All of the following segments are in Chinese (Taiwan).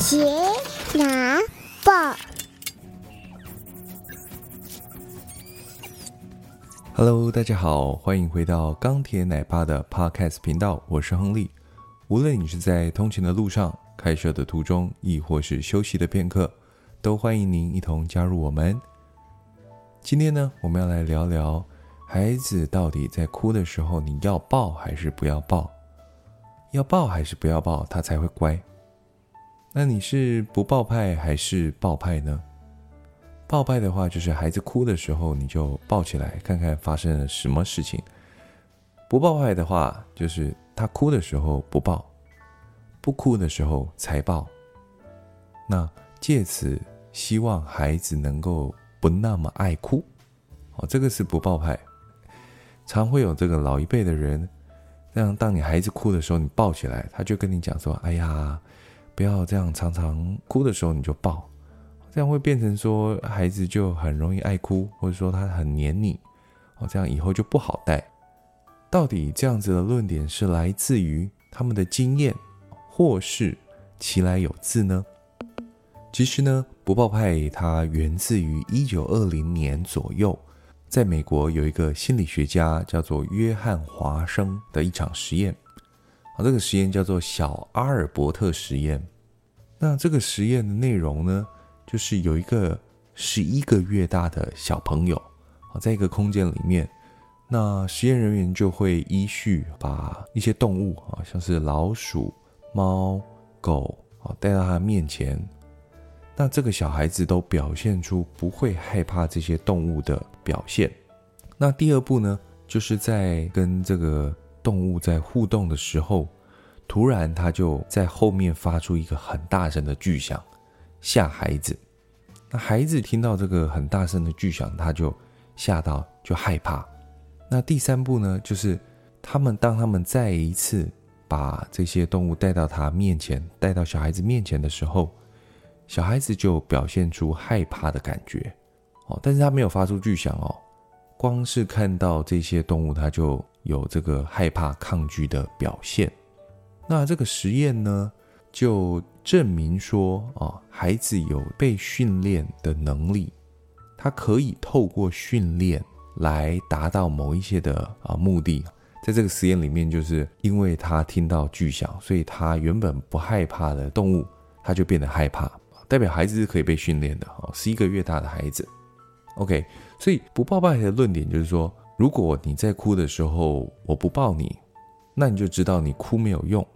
杰拿抱，Hello，大家好，歡迎回到鋼鐵奶爸的 Podcast 頻道，我是亨利。無論你是在通勤的路上、開車的途中，亦或是休息的片刻，都歡迎您一同加入我們。今天呢，我們要來聊聊孩子到底在哭的時候，你要抱還是不要抱？要抱還是不要抱，他才會乖。那你是不抱派還是抱派呢？抱派的話，就是孩子哭的時候你就抱起來，看看發生了什麼事情；不抱派的話，就是他哭的時候不抱，不哭的時候才抱。那借此希望孩子能夠不那麼愛哭。哦，這個是不抱派。常會有這個老一輩的人，讓當你孩子哭的時候，你抱起來，他就跟你講說：“哎呀。”不要這樣，常常哭的時候你就抱，這樣會變成說孩子就很容易愛哭，或者說他很黏你哦，這樣以後就不好帶。到底這樣子的論點是來自於他們的經驗，或是其來有自呢？其實呢，不抱派它源自於一九二零年左右，在美國有一個心理學家叫做約翰華生的一場實驗。好，這個實驗叫做小阿爾伯特實驗。那這個實驗的內容呢，就是有一個十一個月大的小朋友，啊，在一個空間裡面，那實驗人員就會依序把一些動物啊，像是老鼠、貓、狗啊帶到他面前。那這個小孩子都表現出不會害怕這些動物的表現。那第二步呢，就是在跟這個。動物在互動的時候，突然他就在後面發出一個很大聲的巨響，嚇孩子。那孩子聽到這個很大聲的巨響，他就嚇到，就害怕。那第三步呢，就是他們當他們再一次把這些動物帶到他面前，帶到小孩子面前的時候，小孩子就表現出害怕的感覺。哦，但是他沒有發出巨響哦，光是看到這些動物，他就。有這個害怕抗拒的表現，那這個實驗呢，就證明說啊，孩子有被訓練的能力，他可以透過訓練來達到某一些的啊目的。在這個實驗裡面，就是因為他聽到巨響，所以他原本不害怕的動物，他就變得害怕，代表孩子是可以被訓練的，是十一個月大的孩子。OK，所以不抱派的論點就是說。如果你在哭的時候我不抱你，那你就知道你哭沒有用。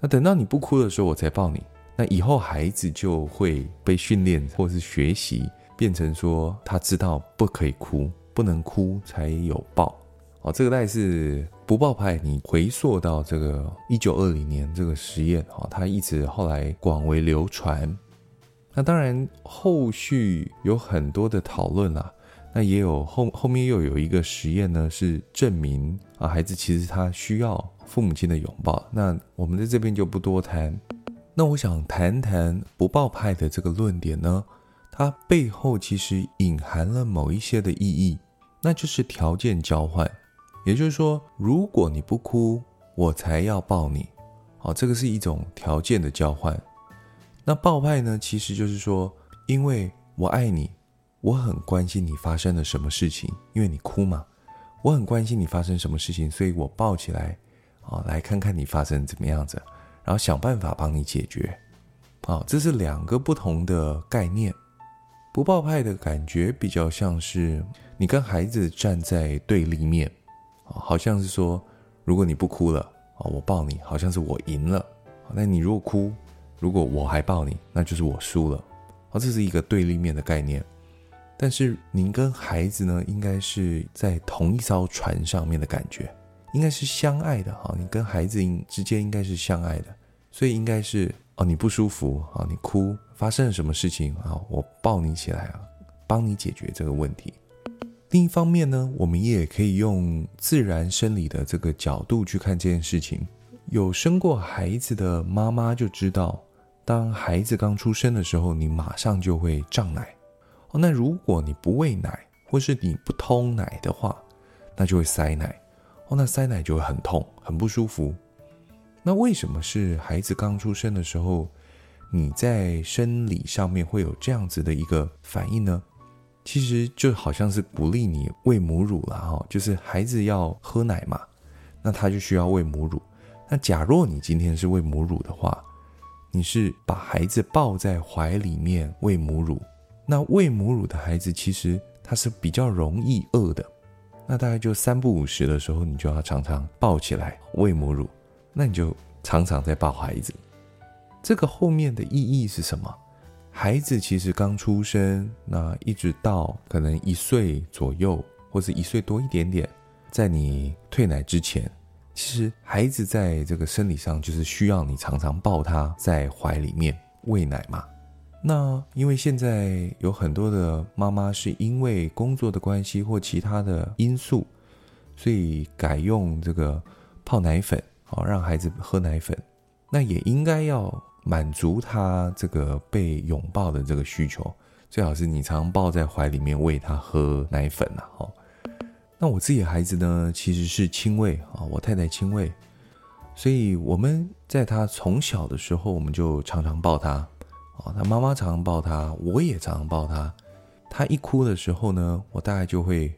那等到你不哭的時候我才抱你，那以後孩子就會被訓練或是學習變成說，他知道不可以哭，不能哭才有抱。哦，這個大概是不抱派。你回溯到這個一九二零年這個實驗，哦，它一直後來廣為流傳。那當然後續有很多的討論啊。那也有後後面又有一個實驗呢，是證明啊，孩子其實他需要父母親的擁抱。那我們在這邊就不多談。那我想談談不抱派的這個論點呢，它背後其實隱含了某一些的意義，那就是條件交換。也就是說，如果你不哭，我才要抱你。好，啊，這個是一種條件的交換。那抱派呢，其實就是說，因為我愛你。我很關心你發生了什麼事情，因為你哭嘛。我很關心你發生什麼事情，所以我抱起來，啊，來看看你發生怎麼樣子，然後想辦法幫你解決。好，這是兩個不同的概念。不抱派的感覺比較像是你跟孩子站在對立面，好像是說，如果你不哭了，啊，我抱你，好像是我贏了。那你如果哭，如果我還抱你，那就是我輸了。啊，這是一個對立面的概念。但是您跟孩子呢，應該是在同一艘船上面的感覺，應該是相愛的哈。你跟孩子應之間應該是相愛的，所以應該是哦，你不舒服啊，你哭，發生了什麼事情啊？我抱你起來啊，幫你解決這個問題。另一方面呢，我們也可以用自然生理的這個角度去看這件事情。有生過孩子的媽媽就知道，當孩子剛出生的時候，你馬上就會脹奶。哦，那如果你不餵奶，或是你不通奶的話，那就會塞奶。哦，那塞奶就會很痛，很不舒服。那為什麼是孩子剛出生的時候，你在生理上面會有這樣子的一個反應呢？其實就好像是鼓勵你餵母乳了哈，哦，就是孩子要喝奶嘛，那他就需要餵母乳。那假若你今天是餵母乳的話，你是把孩子抱在懷裡面餵母乳。那餵母乳的孩子，其實他是比較容易餓的。那大概就三不五時的時候，你就要常常抱起來餵母乳。那你就常常在抱孩子，這個後面的意義是什麼？孩子其實剛出生，那一直到可能一歲左右，或者一歲多一點點，在你退奶之前，其實孩子在這個生理上就是需要你常常抱他在懷裡面餵奶嘛。那因為現在有很多的媽媽是因為工作的關係或其他的因素，所以改用這個泡奶粉，好、哦、讓孩子喝奶粉。那也應該要滿足他這個被擁抱的這個需求，最好是你常抱在懷裡面餵他喝奶粉啊。好、哦，那我自己的孩子呢，其實是親餵啊，我太太親餵，所以我們在他從小的時候，我們就常常抱他。那媽媽常常抱他，我也常常抱他。他一哭的時候呢，我大概就會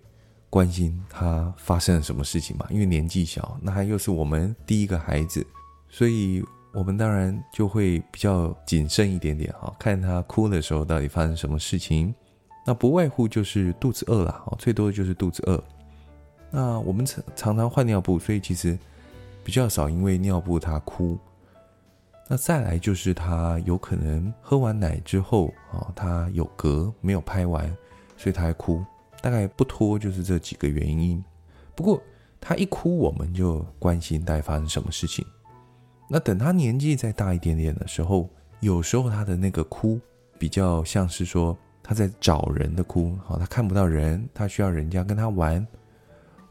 關心他發生了什麼事情嘛。因為年紀小，那他又是我們第一個孩子，所以我們當然就會比較謹慎一點點哈。看他哭的時候到底發生什麼事情，那不外乎就是肚子餓了。哦，最多的就是肚子餓。那我們常常常換尿布，所以其實比較少因為尿布他哭。那再來就是他有可能喝完奶之後啊，他有嗝沒有拍完，所以他還哭。大概不脫就是這幾個原因。不過他一哭，我們就關心大概發生什麼事情。那等他年紀再大一點點的時候，有時候他的那個哭比較像是說他在找人的哭，哦，他看不到人，他需要人家跟他玩，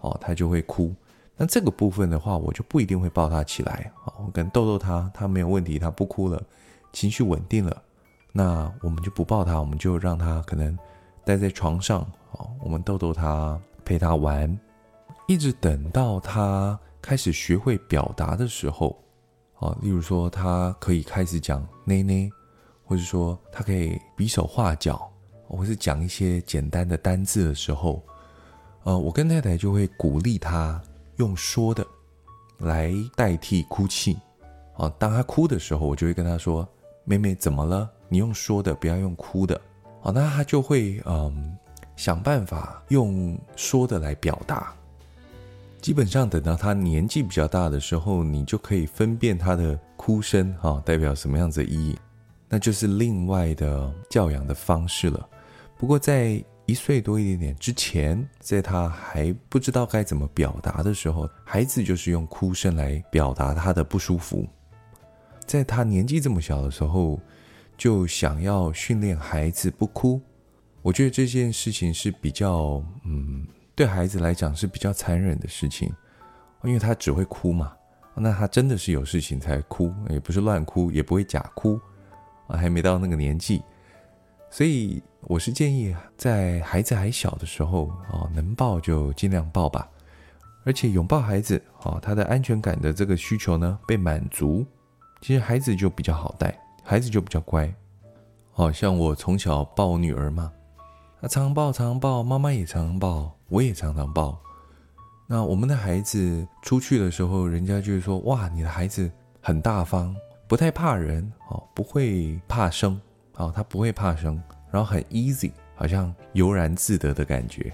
哦，他就會哭。那這個部分的話，我就不一定會抱他起來啊。我跟逗逗他，他沒有問題，他不哭了，情緒穩定了，那我們就不抱他，我們就讓他可能待在床上啊。我們逗逗他，陪他玩，一直等到他開始學會表達的時候啊，例如說他可以開始講“奶奶”，或者說他可以比手畫腳，或是講一些簡單的單字的時候，我跟太太就會鼓勵他。用說的來代替哭泣，啊，當他哭的時候，我就會跟他說：“妹妹怎麼了？你用說的，不要用哭的。”那他就會嗯、呃、想辦法用說的來表達。基本上等到他年紀比較大的時候，你就可以分辨他的哭聲哈代表什麼樣子的意義，那就是另外的教養的方式了。不過在一歲多一點點之前，在他還不知道該怎麼表達的時候，孩子就是用哭聲來表達他的不舒服。在他年紀這麼小的時候，就想要訓練孩子不哭，我覺得這件事情是比較，嗯，對孩子來講是比較殘忍的事情，因為他只會哭嘛。那他真的是有事情才哭，也不是亂哭，也不會假哭啊，還沒到那個年紀。所以我是建議，在孩子還小的時候啊，能抱就盡量抱吧。而且擁抱孩子啊，他的安全感的這個需求呢，被滿足，其實孩子就比較好帶，孩子就比較乖。哦，像我從小抱我女兒嘛，那常常抱，常常抱，媽媽也常常抱，我也常常抱。那我們的孩子出去的時候，人家就會說，哇，你的孩子很大方，不太怕人哦，不會怕生。哦，他不會怕生，然後很 easy，好像悠然自得的感覺。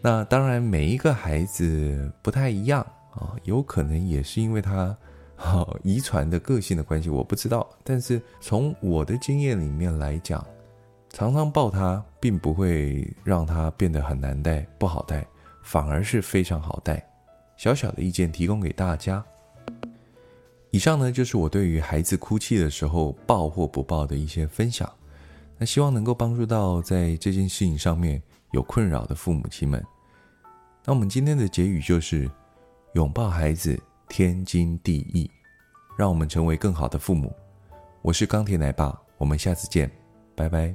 那當然，每一個孩子不太一樣啊、哦，有可能也是因為他哈、哦、遺傳的個性的關係，我不知道。但是從我的經驗裡面來講，常常抱他，並不會讓他變得很難帶，不好帶，反而是非常好帶。小小的意見提供給大家。以上呢就是我對於孩子哭泣的時候抱或不抱的一些分享，那希望能夠幫助到在這件事情上面有困擾的父母親們。那我們今天的結語就是，擁抱孩子，天經地義，讓我們成為更好的父母。我是鋼鐵奶爸，我們下次見，拜拜。